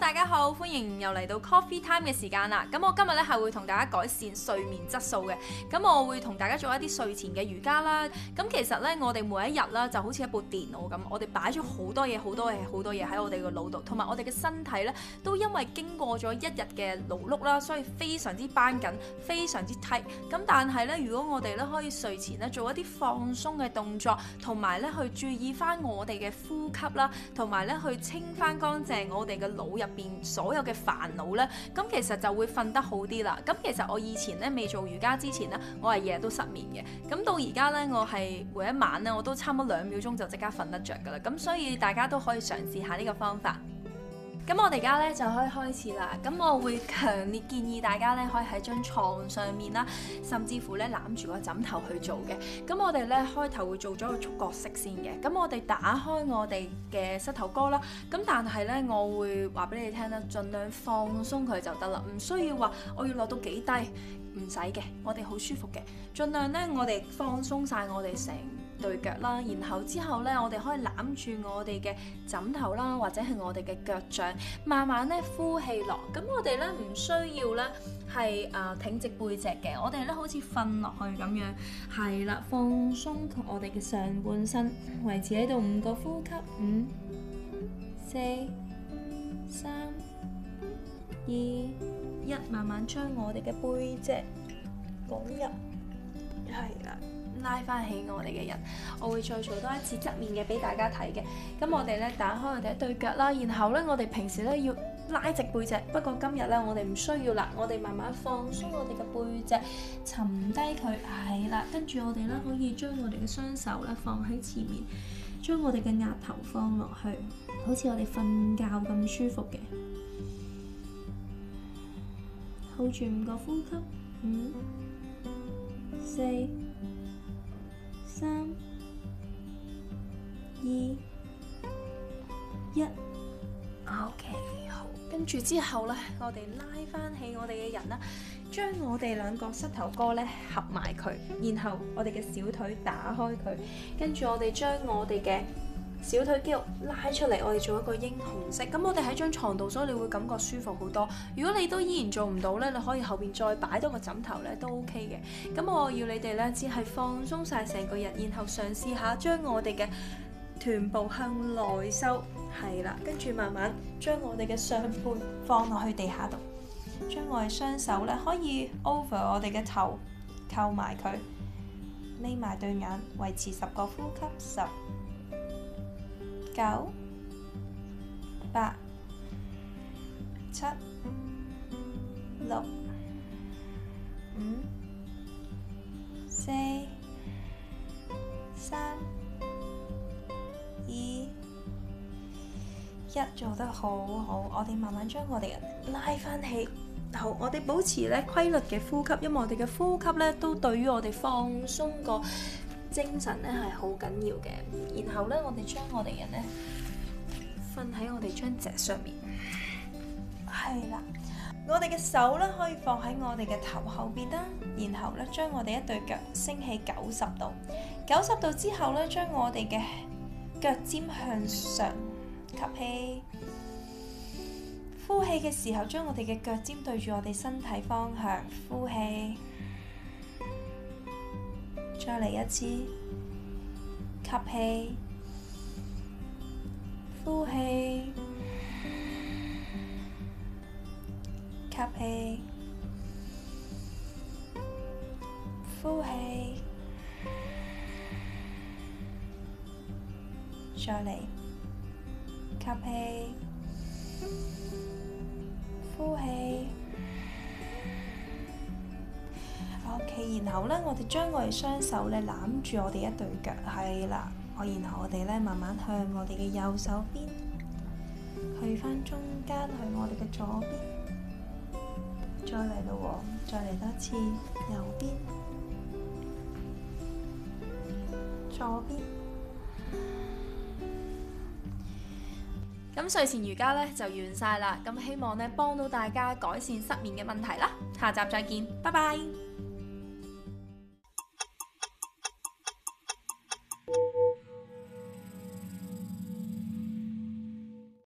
大家好，歡迎又嚟到 Coffee Time 嘅時間啦。咁我今日咧係會同大家改善睡眠質素嘅。咁我會同大家做一啲睡前嘅瑜伽啦。咁其實咧，我哋每一日啦，就好似一部電腦咁，我哋擺咗好多嘢，好多嘢，好多嘢喺我哋個腦度，同埋我哋嘅身體咧，都因為經過咗一日嘅勞碌啦，所以非常之繃緊，非常之 tight。咁但係咧，如果我哋咧可以睡前咧做一啲放鬆嘅動作，同埋咧去注意翻我哋嘅呼吸啦，同埋咧去清翻乾淨我哋嘅腦入。變所有嘅煩惱呢，咁其實就會瞓得好啲啦。咁其實我以前呢，未做瑜伽之前呢，我係日日都失眠嘅。咁到而家呢，我係每一晚呢，我都差唔多兩秒鐘就即刻瞓得着噶啦。咁所以大家都可以嘗試下呢個方法。咁我哋而家咧就可以開始啦。咁我會強烈建議大家咧，可以喺張床上面啦，甚至乎咧攬住個枕頭去做嘅。咁我哋咧開頭會做咗個束角式先嘅。咁我哋打開我哋嘅膝頭哥啦。咁但係咧，我會話俾你聽啦，盡量放鬆佢就得啦，唔需要話我要落到幾低，唔使嘅。我哋好舒服嘅，盡量咧我哋放鬆晒我哋成對腳啦，然後之後呢，我哋可以攬住我哋嘅枕頭啦，或者係我哋嘅腳掌，慢慢呢呼氣落。咁我哋呢，唔需要呢係誒挺直背脊嘅，我哋呢，好似瞓落去咁樣。係啦，放鬆我哋嘅上半身，維持喺度五個呼吸，五、四、三、二、一，慢慢將我哋嘅背脊拱入。拉翻起我哋嘅人，我會再做多一次側面嘅俾大家睇嘅。咁我哋咧打開我哋對腳啦，然後咧我哋平時咧要拉直背脊，不過今日咧我哋唔需要啦，我哋慢慢放鬆我哋嘅背脊，沉低佢。係啦，跟住我哋咧可以將我哋嘅雙手咧放喺前面，將我哋嘅額頭放落去，好似我哋瞓覺咁舒服嘅，hold 住個呼吸，五、四。三、二、一，OK，好。跟住之後咧，我哋拉返起我哋嘅人啦，將我哋兩個膝頭哥咧合埋佢，然後我哋嘅小腿打開佢，跟住我哋將我哋嘅小腿肌肉拉出嚟，我哋做一個英雄式。咁我哋喺張床度，所以你會感覺舒服好多。如果你都依然做唔到呢，你可以後邊再擺多個枕頭呢，都 OK 嘅。咁我要你哋呢，只係放鬆晒成個人，然後嘗試下將我哋嘅臀部向內收，係啦，跟住慢慢將我哋嘅上背放落去地下度，將我哋雙手呢，可以 over 我哋嘅頭，扣埋佢，眯埋對眼，維持十個呼吸十。九、八、七、六、五、四、三、二、一，做得好好。我哋慢慢將我哋拉翻起，好，我哋保持咧規律嘅呼吸，因為我哋嘅呼吸咧都對於我哋放鬆個精神咧係好緊要嘅，然後咧我哋將我哋人咧瞓喺我哋張席上面，係啦，我哋嘅手咧可以放喺我哋嘅頭後邊啦，然後咧將我哋一對腳升起九十度，九十度之後咧將我哋嘅腳尖向上吸氣，呼氣嘅時候將我哋嘅腳尖對住我哋身體方向呼氣。再嚟一次，吸氣，呼氣，吸氣，呼氣，再嚟，吸氣，呼氣。然後咧，我哋將我哋雙手咧攬住我哋一對腳，係啦。我然後我哋咧慢慢向我哋嘅右手邊去，翻中間去我哋嘅左邊，再嚟到，再嚟多一次右邊，左邊。咁睡前瑜伽咧就完晒啦。咁希望咧幫到大家改善失眠嘅問題啦。下集再見，拜拜。